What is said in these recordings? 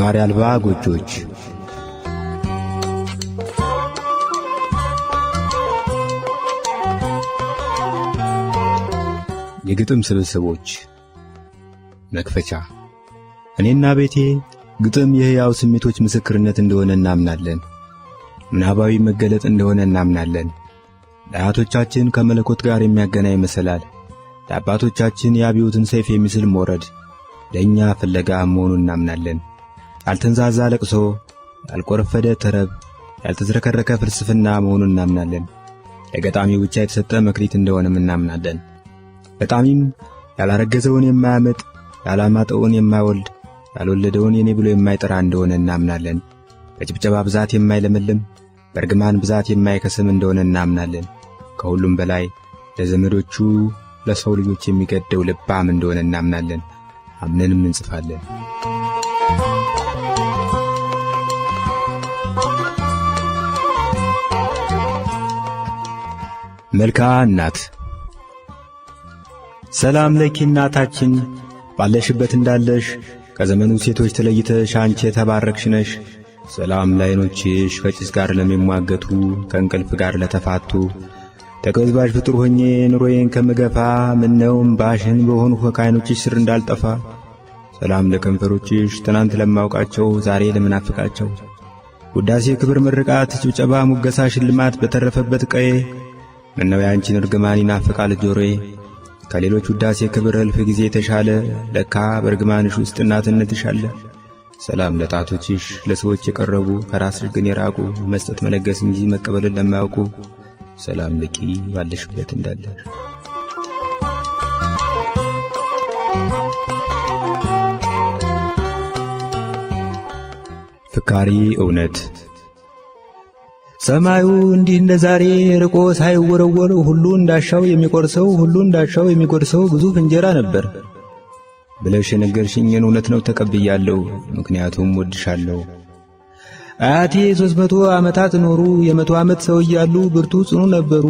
ኗሪ አልባ ጎጆች የግጥም ስብስቦች መክፈቻ እኔና ቤቴ ግጥም የሕያው ስሜቶች ምስክርነት እንደሆነ እናምናለን። ምናባዊ መገለጥ እንደሆነ እናምናለን። ለአያቶቻችን ከመለኮት ጋር የሚያገናኝ መሰላል፣ ለአባቶቻችን የአብዮትን ሰይፍ የሚስል ሞረድ ለእኛ ፍለጋ መሆኑን እናምናለን። ያልተንዛዛ ለቅሶ፣ ያልቆረፈደ ተረብ፣ ያልተዝረከረከ ፍልስፍና መሆኑን እናምናለን። ለገጣሚው ብቻ የተሰጠ መክሊት እንደሆነም እናምናለን። ገጣሚም ያላረገዘውን የማያመጥ ያላማጠውን የማይወልድ ያልወለደውን የኔ ብሎ የማይጠራ እንደሆነ እናምናለን። በጭብጨባ ብዛት የማይለመልም በእርግማን ብዛት የማይከስም እንደሆነ እናምናለን። ከሁሉም በላይ ለዘመዶቹ ለሰው ልጆች የሚገደው ልባም እንደሆነ እናምናለን። አምነንም እንጽፋለን። መልክዓ እናት ሰላም ለኪ እናታችን፣ ባለሽበት እንዳለሽ ከዘመኑ ሴቶች ተለይተሽ አንቺ የተባረክሽ ነሽ። ሰላም ለዓይኖችሽ፣ ከጭስ ጋር ለሚሟገቱ፣ ከእንቅልፍ ጋር ለተፋቱ። ተቀዝባዥ ፍጡር ሆኜ ኑሮዬን ከምገፋ፣ ምነውም ባሽን በሆኑ ከዓይኖችሽ ስር እንዳልጠፋ። ሰላም ለከንፈሮችሽ፣ ትናንት ለማውቃቸው፣ ዛሬ ለምናፍቃቸው። ውዳሴ፣ ክብር፣ ምርቃት፣ ጭብጨባ፣ ሙገሳ፣ ሽልማት በተረፈበት ቀዬ ምነው ያንቺን እርግማን ይናፍቃል ጆሮዬ ከሌሎች ውዳሴ ክብር እልፍ ጊዜ የተሻለ ለካ በእርግማንሽ ውስጥ እናትነትሽ አለ። ሰላም ለጣቶችሽ ለሰዎች የቀረቡ ከራስሽ ግን የራቁ መስጠት መለገስ እንጂ መቀበልን ለማያውቁ ሰላም ልቂ ባለሽበት እንዳለ ፍካሪ እውነት ሰማዩ እንዲህ እንደ ዛሬ ርቆ ሳይወረወር ሁሉ እንዳሻው የሚቆርሰው ሁሉ እንዳሻው የሚጎርሰው ግዙፍ እንጀራ ነበር። ብለሽ የነገርሽኝን እውነት ነው ተቀብያለሁ፣ ምክንያቱም ወድሻለሁ። አያቴ ሦስት መቶ ዓመታት ኖሩ። የመቶ ዓመት ሰው እያሉ ብርቱ ጽኑ ነበሩ።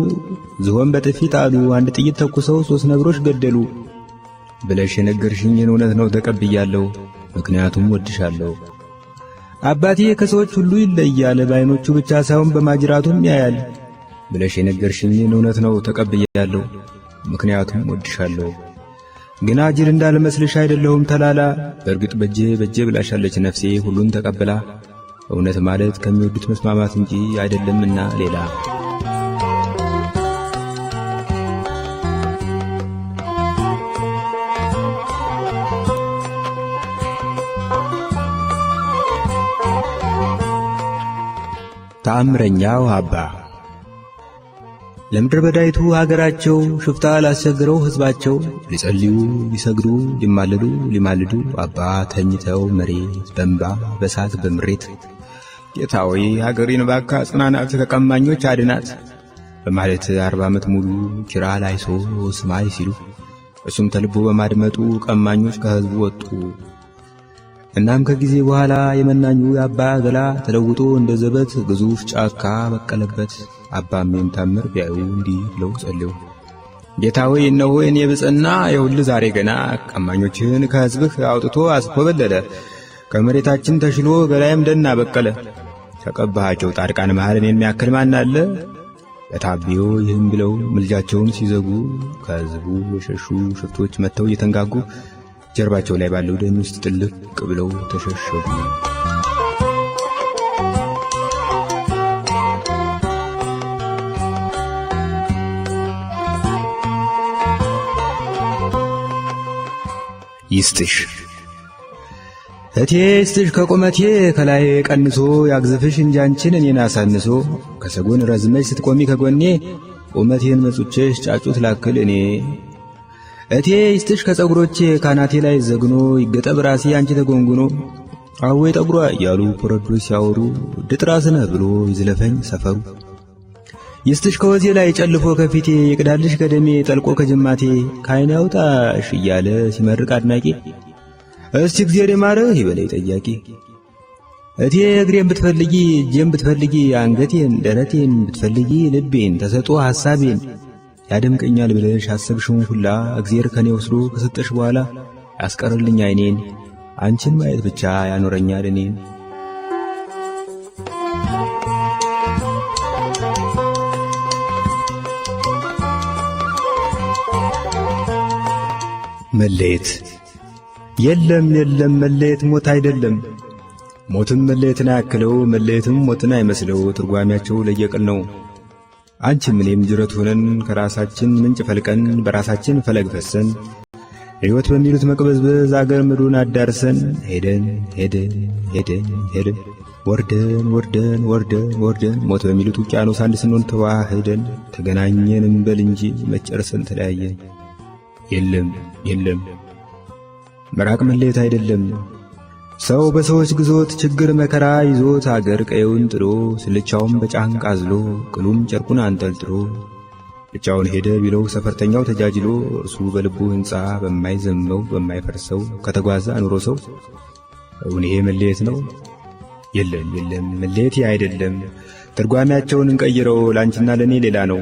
ዝሆን በጥፊ ጣሉ፣ አንድ ጥይት ተኩሰው ሦስት ነብሮች ገደሉ። ብለሽ የነገርሽኝን እውነት ነው ተቀብያለሁ፣ ምክንያቱም ወድሻለሁ። አባቴ ከሰዎች ሁሉ ይለያል፣ በዓይኖቹ ብቻ ሳይሆን በማጅራቱም ያያል ብለሽ የነገርሽኝን እውነት ነው ተቀብያለሁ። ምክንያቱም ወድሻለሁ። ግን አጅል እንዳልመስልሽ አይደለሁም ተላላ። በእርግጥ በጄ በጄ ብላሻለች ነፍሴ ሁሉን ተቀብላ። እውነት ማለት ከሚወዱት መስማማት እንጂ አይደለምና ሌላ ተአምረኛው አባ ለምድር በዳይቱ ሀገራቸው ሽፍታ ላስቸግረው ሕዝባቸው ሊጸልዩ ሊሰግዱ ሊማለዱ ሊማልዱ አባ ተኝተው መሬት በንባ በሳት በምሬት ጌታዊ ሀገሪን ባካ ጽናናት ከቀማኞች አድናት በማለት አርባ ዓመት ሙሉ ኪራ ላይ ስማይ ሲሉ እሱም ተልቦ በማድመጡ ቀማኞች ከሕዝቡ ወጡ። እናም ከጊዜ በኋላ የመናኙ የአባ ገላ ተለውጦ እንደ ዘበት ግዙፍ ጫካ በቀለበት። አባሜም ታምር ቢያዩ እንዲህ ብለው ጸልዩ፣ ጌታ ሆይ እነሆ እኔ ብፅዕና የሁል ዛሬ ገና ቀማኞችህን ከሕዝብህ አውጥቶ አስኮበለለ፣ ከመሬታችን ተሽሎ በላይም ደን አበቀለ። ከቀባሃቸው ጻድቃን መሃልን የሚያክል ማን አለ? በታቢዮ ይህም ብለው ምልጃቸውን ሲዘጉ ከሕዝቡ የሸሹ ሽፍቶች መጥተው እየተንጋጉ ጀርባቸው ላይ ባለው ደን ውስጥ ጥልቅ ብለው ተሸሸጉ። ይስጥሽ እቴ ይስጥሽ ከቁመቴ ከላይ ቀንሶ ያግዝፍሽ እንጂ አንቺን እኔን አሳንሶ ከሰጎን ረዝመሽ ስትቆሚ ከጎኔ ቁመቴን መጹቼሽ ጫጩት ላክል እኔ እቴ ይስጥሽ ከፀጉሮች ካናቴ ላይ ዘግኖ ይገጠብ ራሴ አንቺ ተጎንጉኖ አዌ ጠጉሯ እያሉ ኮረዶች ሲያወሩ ድጥራስነ ብሎ ይዝለፈኝ ሰፈሩ ይስጥሽ ከወዜ ላይ ጨልፎ ከፊቴ ይቅዳልሽ ከደሜ ጠልቆ ከጅማቴ ካይን ያውጣሽ እያለ ሲመርቅ አድናቂ እስቲ እግዜር ማርህ ይበለይ ጠያቂ እቴ እግሬን ብትፈልጊ እጄን ብትፈልጊ አንገቴን ደረቴን ብትፈልጊ ልቤን ተሰጦ ሐሳቤን ያደምቀኛል ብለሽ አሰብሽውን ሁላ እግዚአብሔር ከኔ ወስዶ ከሰጠሽ በኋላ ያስቀርልኝ አይኔን አንቺን ማየት ብቻ ያኖረኛል እኔን። መለየት የለም የለም መለየት ሞት አይደለም። ሞትም መለየትን አያክለው፣ መለየትም ሞትን አይመስለው። ትርጓሚያቸው ለየቅል ነው። አንቺም እኔም ጅረት ሆነን ከራሳችን ምንጭ ፈልቀን በራሳችን ፈለግ ፈሰን ሕይወት በሚሉት መቅበዝበዝ አገር ምድሩን አዳርሰን ሄደን ሄደን ሄደን ሄደን ወርደን ወርደን ወርደን ወርደን ሞት በሚሉት ውቅያኖስ አንድ ስንሆን ተዋህደን ተገናኘን እንበል እንጂ መጨረሰን ተለያየን። የለም የለም መራቅ መለየት አይደለም ሰው በሰዎች ግዞት ችግር መከራ ይዞት አገር ቀየውን ጥሎ ስልቻውን በጫንቃ አዝሎ ቅሉም ጨርቁን አንጠልጥሎ ብቻውን ሄደ ቢለው ሰፈርተኛው ተጃጅሎ እርሱ በልቡ ሕንፃ በማይዘመው በማይፈርሰው ከተጓዘ አኑሮ ሰው እውን ይሄ መለየት ነው? የለም የለም፣ መለየት አይደለም። ትርጓሚያቸውን እንቀይረው፣ ላንቺና ለእኔ ሌላ ነው።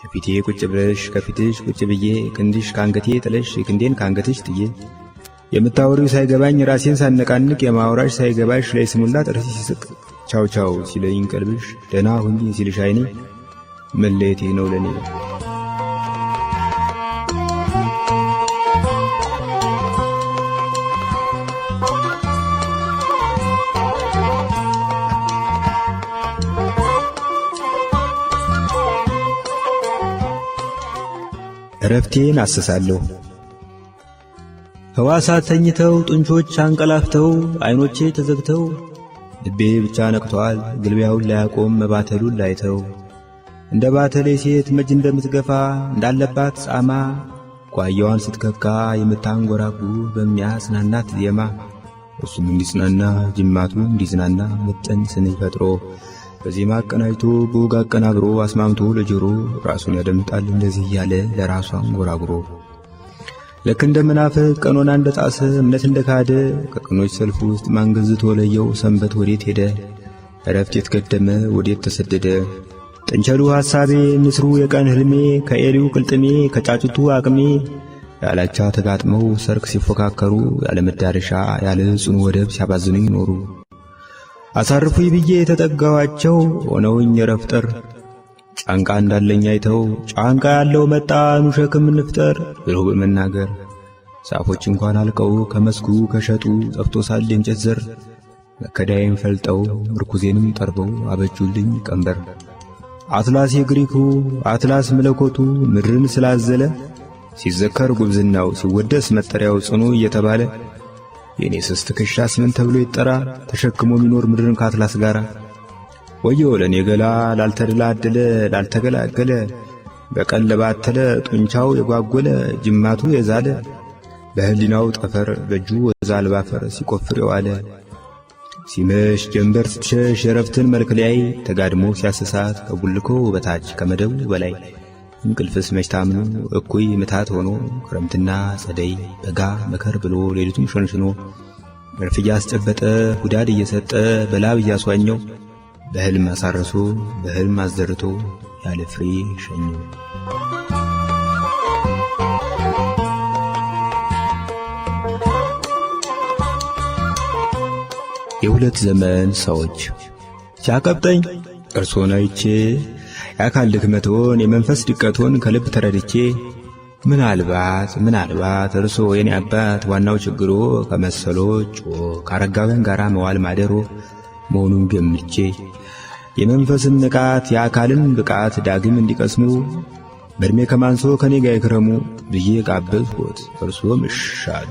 ከፊቴ ቁጭ ብለሽ ከፊትሽ ቁጭ ብዬ፣ ክንድሽ ከአንገቴ ጥለሽ ክንዴን ከአንገትሽ ጥዬ የምታወሪው ሳይገባኝ ራሴን ሳነቃንቅ የማውራሽ ሳይገባሽ ላይ ስሙላ ጥርስ ሲስቅ ቻው ቻው ሲለኝ ቀልብሽ ደህና ሁንጂ ሲልሽ አይኔ መለየቴ ነው ለኔ። እረፍቴን አስሳለሁ ሕዋሳት ተኝተው ጡንቾች አንቀላፍተው ዐይኖቼ ተዘግተው ልቤ ብቻ ነቅቶአል ግልቢያውን ላያቆም መባተሉን ላይተው እንደ ባተሌ ሴት መጅ እንደምትገፋ እንዳለባት ጻማ ጓያዋን ስትከካ የምታንጎራጉ በሚያጽናናት ዜማ እሱም እንዲጽናና ጅማቱ እንዲዝናና ምጥን ስንኝ ፈጥሮ በዜማ አቀናጅቶ በወግ አቀናብሮ አስማምቶ ለጆሮ ራሱን ያደምጣል እንደዚህ እያለ ለራሱ አንጎራጉሮ ልክ እንደ ምናፍቅ ቀኖና እንደ ጣሰ እምነት እንደ ካደ ከቀኖች ሰልፍ ውስጥ ማንገዝቶ ለየው? ሰንበት ወዴት ሄደ? እረፍት የትገደመ ወዴት ተሰደደ? ጥንቸሉ ሐሳቤ ንስሩ የቀን ህልሜ ከኤሊው ቅልጥሜ ከጫጭቱ አቅሜ ያላቻ ተጋጥመው ሰርክ ሲፎካከሩ ያለ መዳረሻ ያለ ጽኑ ወደብ ሲያባዝኑ ይኖሩ አሳርፉ ብዬ የተጠጋዋቸው ሆነውኝ የረፍጠር ጫንቃ እንዳለኝ አይተው ጫንቃ ያለው መጣኑ ሸክም እንፍጠር ብሎ በመናገር ዛፎች እንኳን አልቀው ከመስኩ ከሸጡ ጠፍቶ ሳል እንጨት ዘር መከዳዬን ፈልጠው ምርኩዜንም ጠርበው አበጁልኝ ቀንበር አትላስ የግሪኩ አትላስ መለኮቱ ምድርን ስላዘለ ሲዘከር ጉብዝናው ሲወደስ መጠሪያው ጽኑ እየተባለ የኔ ስስ ክሻስ ምን ተብሎ ይጠራ ተሸክሞ ሚኖር ምድርን ከአትላስ ጋር ወዮ ለእኔ ገላ ላልተደላደለ ላልተገላገለ በቀል ለባተለ ጡንቻው የጓጎለ ጅማቱ የዛለ በህሊናው ጠፈር በእጁ ወዛል አልባ ሲቆፍር የዋለ ሲመሽ ጀንበር ስትሸሽ የረፍትን መልክ ሊያይ ተጋድሞ ሲያስሳት ከጉልኮ በታች ከመደቡ በላይ እንቅልፍስ መች እኩይ ምታት ሆኖ ክረምትና ጸደይ በጋ መከር ብሎ ሌሊቱን ሸንሽኖ መርፍያ እያስጨበጠ ሁዳድ እየሰጠ በላብ እያስዋኘው በሕልም አሳርሶ በህልም አዘርቶ ያለ ፍሬ ሸኙ። የሁለት ዘመን ሰዎች ሲያቀብጠኝ እርሶን አይቼ የአካል ድክመቶን የመንፈስ ድቀቶን ከልብ ተረድቼ ምናልባት ምናልባት እርሶ የኔ አባት ዋናው ችግሮ ከመሰሎች ካረጋውያን ጋር መዋል ማደሮ መሆኑን ገምቼ የመንፈስን ንቃት የአካልን ብቃት ዳግም እንዲቀስሙ በዕድሜ ከማንሶ ከኔ ጋር ይክረሙ ብዬ ጋበዝሁት። እርሶም እሻሉ።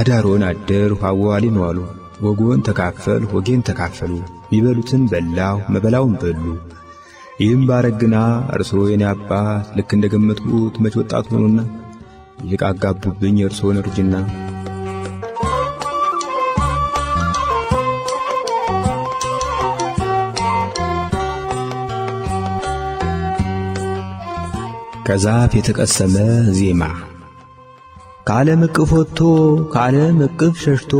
አዳሮን አደር አዋዋሌን ዋሉ። ወጎን ተካፈል ወጌን ተካፈሉ። የሚበሉትን በላሁ መበላውን በሉ። ይህም ባረግና እርሶ የኔ አባት ልክ እንደገመትኩት መች ወጣት ሆኑና ይልቅ አጋቡብኝ እርጅና ከዛፍ የተቀሰመ ዜማ ከዓለም እቅፍ ወጥቶ ከዓለም እቅፍ ሸሽቶ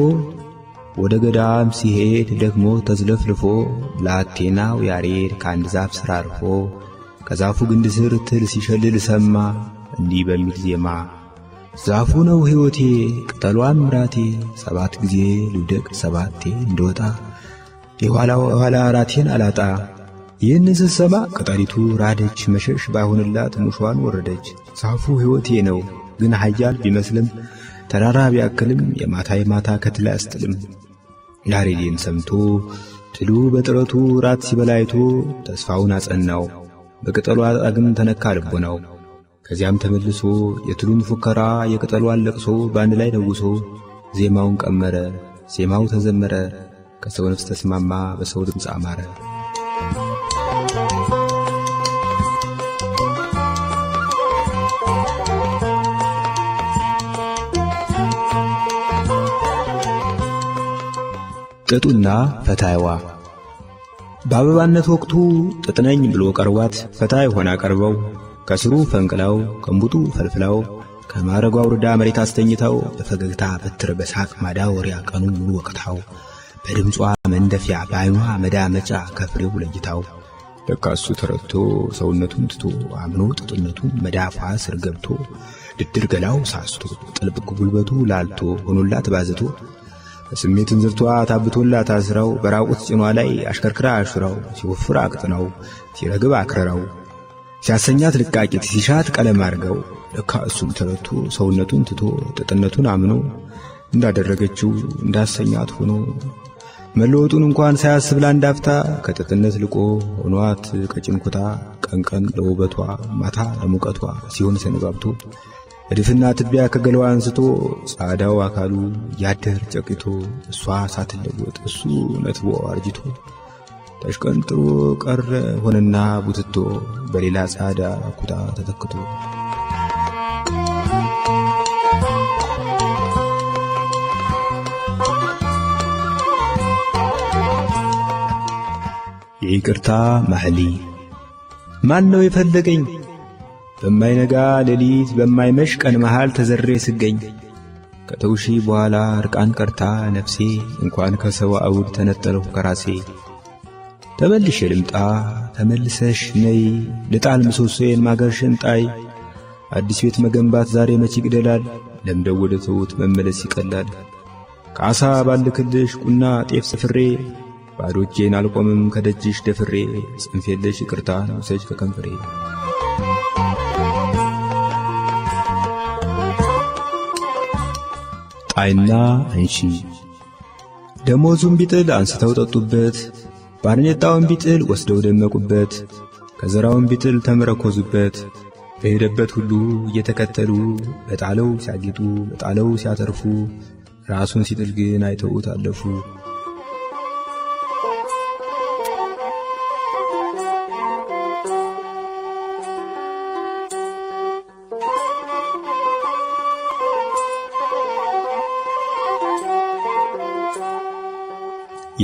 ወደ ገዳም ሲሄድ ደግሞ ተዝለፍልፎ ላቴናው ያሬድ ከአንድ ዛፍ ስር አርፎ ከዛፉ ግንድ ስር ትል ሲሸልል ሰማ እንዲህ በሚል ዜማ ዛፉ ነው ሕይወቴ ቅጠሏም ምራቴ ሰባት ጊዜ ልውደቅ ሰባቴ እንደወጣ የኋላ ኋላ ራቴን አላጣ ይህን ስትሰማ ቅጠሊቱ ራደች፣ መሸሽ ባይሆንላት ሙሽዋን ወረደች። ዛፉ ሕይወቴ ነው ግን ኃያል ቢመስልም ተራራ ቢያክልም የማታ የማታ ከትል አያስጥልም። ያሬድን ሰምቶ ትሉ በጥረቱ ራት ሲበላይቶ ተስፋውን አጸናው። በቅጠሏ ዳግም ተነካ ልቦ ነው። ከዚያም ተመልሶ የትሉን ፉከራ የቅጠሏን ለቅሶ በአንድ ላይ ነውሶ ዜማውን ቀመረ፣ ዜማው ተዘመረ፣ ከሰው ነፍስ ተስማማ፣ በሰው ድምፅ አማረ። ጥጡና ፈታይዋ በአበባነት ወቅቱ ጥጥነኝ ብሎ ቀርቧት ፈታይ ሆና ቀርበው ከስሩ ፈንቅላው ከእንቡጡ ፈልፍላው ከማረጓ አውርዳ መሬት አስተኝተው በፈገግታ በትር በሳቅ ማዳወሪያ ቀኑ ሙሉ ወቅታው በድምጿ መንደፊያ በዓይኗ መዳመጫ ከፍሬው ለይታው ለካሱ ተረቶ ሰውነቱን ትቶ አምኖ ጥጥነቱን መዳፏ ስር ገብቶ ድድር ገላው ሳስቶ ጥልብ ጉልበቱ ላልቶ ሆኖላት ባዘቶ ስሜት ዝርቷ ታብቶላ ታስረው በራቁት ጭኗ ላይ አሽከርክራ አሽረው ሲወፍር አቅጥነው ሲረግብ አክርረው ሲያሰኛት ልቃቂት ሲሻት ቀለም አድርገው ለካ እሱም ተረቱ ሰውነቱን ትቶ ጥጥነቱን አምኖ እንዳደረገችው እንዳሰኛት ሆኖ መለወጡን እንኳን ሳያስብ ላንዳፍታ ከጥጥነት ልቆ ሆኗት ቀጭንኩታ ቀንቀን ለውበቷ ማታ ለሙቀቷ ሲሆን ሰነባብቶ እድፍና ትቢያ ከገለዋ አንስቶ ጻዳው አካሉ ያደር ጨቂቶ እሷ ሳትለወጥ እሱ ነትቦ አርጅቶ ተሽቀንጥሮ ቀረ ሆነና ቡትቶ በሌላ ጻዳ ኩታ ተተክቶ ይቅርታ ማህሊ ማን ነው የፈለገኝ በማይነጋ ሌሊት በማይመሽ ቀን መሃል ተዘሬ ስገኝ ከተውሺ በኋላ እርቃን ቀርታ ነፍሴ እንኳን ከሰው አውድ ተነጠለሁ ከራሴ። ተመልሽ ልምጣ ተመልሰሽ ነይ ልጣል ምሰሶዬን ማገርሽን ጣይ አዲስ ቤት መገንባት ዛሬ መች ይግደላል ለምደው ወደ ተውት መመለስ ይቀላል። ከአሳ ባልክልሽ ቁና ጤፍ ስፍሬ ባዶ እጄን አልቆምም ከደጅሽ ደፍሬ ጽንፌለሽ ይቅርታ ሰጅ ከከንፈሬ! አይና አንሺ። ደሞዙን ቢጥል አንስተው ጠጡበት፣ ባርኔጣውን ቢጥል ወስደው ደመቁበት፣ ከዘራውን ቢጥል ተመረኮዙበት። በሄደበት ሁሉ እየተከተሉ በጣለው ሲያጌጡ፣ በጣለው ሲያተርፉ፣ ራሱን ሲጥል ግን አይተውት አለፉ።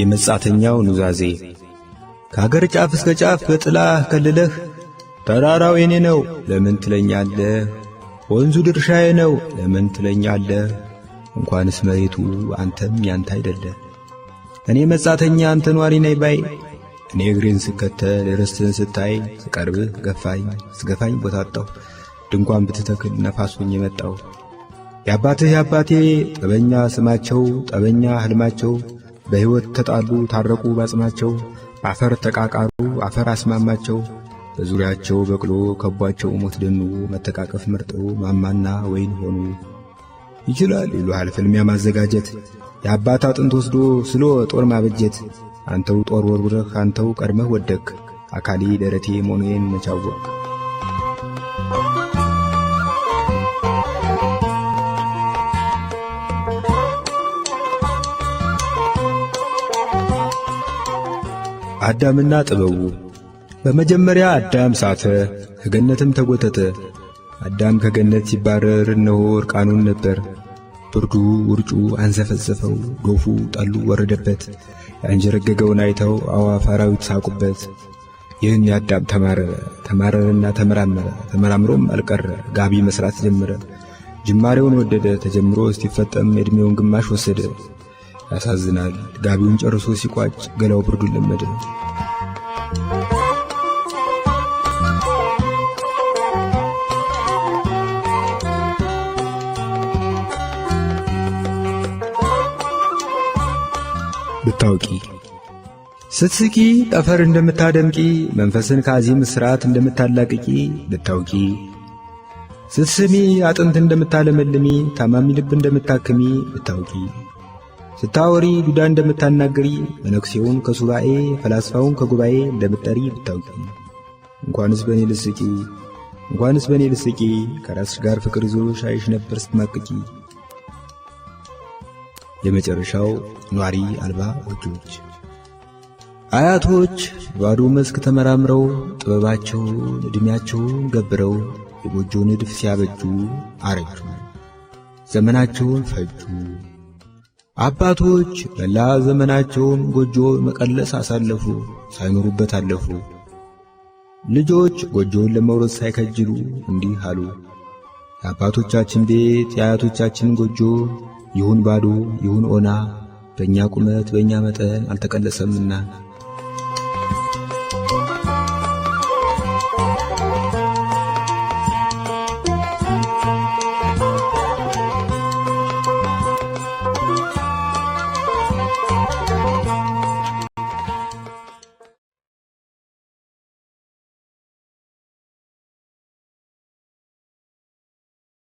የመጻተኛው ኑዛዜ ከአገር ጫፍ እስከ ጫፍ በጥላ ከልለህ ተራራው የኔ ነው ለምን ትለኛለህ? ወንዙ ድርሻዬ ነው ለምን ትለኛለህ? እንኳንስ መሬቱ አንተም ያንተ አይደለ። እኔ መጻተኛ አንተ ኗሪ ነይ ባይ እኔ እግሬን ስከተል ርስትን ስታይ ስቀርብህ ገፋኝ ስገፋኝ ቦታ ድንኳን ብትተክል ነፋሱኝ የመጣው የአባትህ የአባቴ ጠበኛ ስማቸው ጠበኛ ህልማቸው በሕይወት ተጣሉ፣ ታረቁ ባጽማቸው፣ አፈር ተቃቃሩ፣ አፈር አስማማቸው። በዙሪያቸው በቅሎ ከቧቸው ሞት ደኑ፣ መተቃቀፍ መርጠው ማማና ወይን ሆኑ። ይችላል ይሉሃል ፍልሚያ ማዘጋጀት፣ የአባት አጥንት ወስዶ ስሎ ጦር ማበጀት። አንተው ጦር ወርውረህ አንተው ቀድመህ ወደክ፣ አካሌ ደረቴ መሆኔን መቻወቅ አዳምና ጥበቡ በመጀመሪያ አዳም ሳተ፣ ከገነትም ተጎተተ። አዳም ከገነት ሲባረር እነሆ እርቃኑን ነበር። ብርዱ ውርጩ አንዘፈዘፈው፣ ዶፉ ጠሉ ወረደበት። ያንጀረገገውን አይተው አዕዋፍ አራዊት ሳቁበት። ይህን የአዳም ተማረ ተማረረና ተመራመረ ተመራምሮም አልቀረ ጋቢ መስራት ጀመረ። ጅማሬውን ወደደ ተጀምሮ እስቲፈጠም ዕድሜውን ግማሽ ወሰደ። ያሳዝናል። ጋቢውን ጨርሶ ሲቋጭ ገላው ብርዱን ለመደ። ብታውቂ ስትስቂ ጠፈር እንደምታደምቂ መንፈስን ከአዚም ስርዓት እንደምታላቅቂ ብታውቂ ስትስሚ አጥንት እንደምታለመልሚ ታማሚ ልብ እንደምታክሚ ብታውቂ ስታወሪ ዱዳ እንደምታናገሪ መነኩሴውን ከሱባኤ ፈላስፋውን ከጉባኤ እንደምትጠሪ ብታውቂ እንኳንስ በእኔ ልስቂ እንኳንስ በእኔ ልስቂ ከራስሽ ጋር ፍቅር ይዞ ሻይሽ ነበር ስትማቅቂ። የመጨረሻው ኗሪ አልባ ጎጆዎች አያቶች ባዶ መስክ ተመራምረው ጥበባቸውን ዕድሜያቸውን ገብረው የጎጆ ንድፍ ሲያበጁ አረጁ፣ ዘመናቸውን ፈጁ። አባቶች መላ ዘመናቸውን ጎጆ መቀለስ አሳለፉ፣ ሳይኖሩበት አለፉ። ልጆች ጎጆውን ለመውረስ ሳይከጅሉ እንዲህ አሉ። የአባቶቻችን ቤት የአያቶቻችን ጎጆ ይሁን ባዶ ይሁን ኦና፣ በእኛ ቁመት በእኛ መጠን አልተቀለሰምና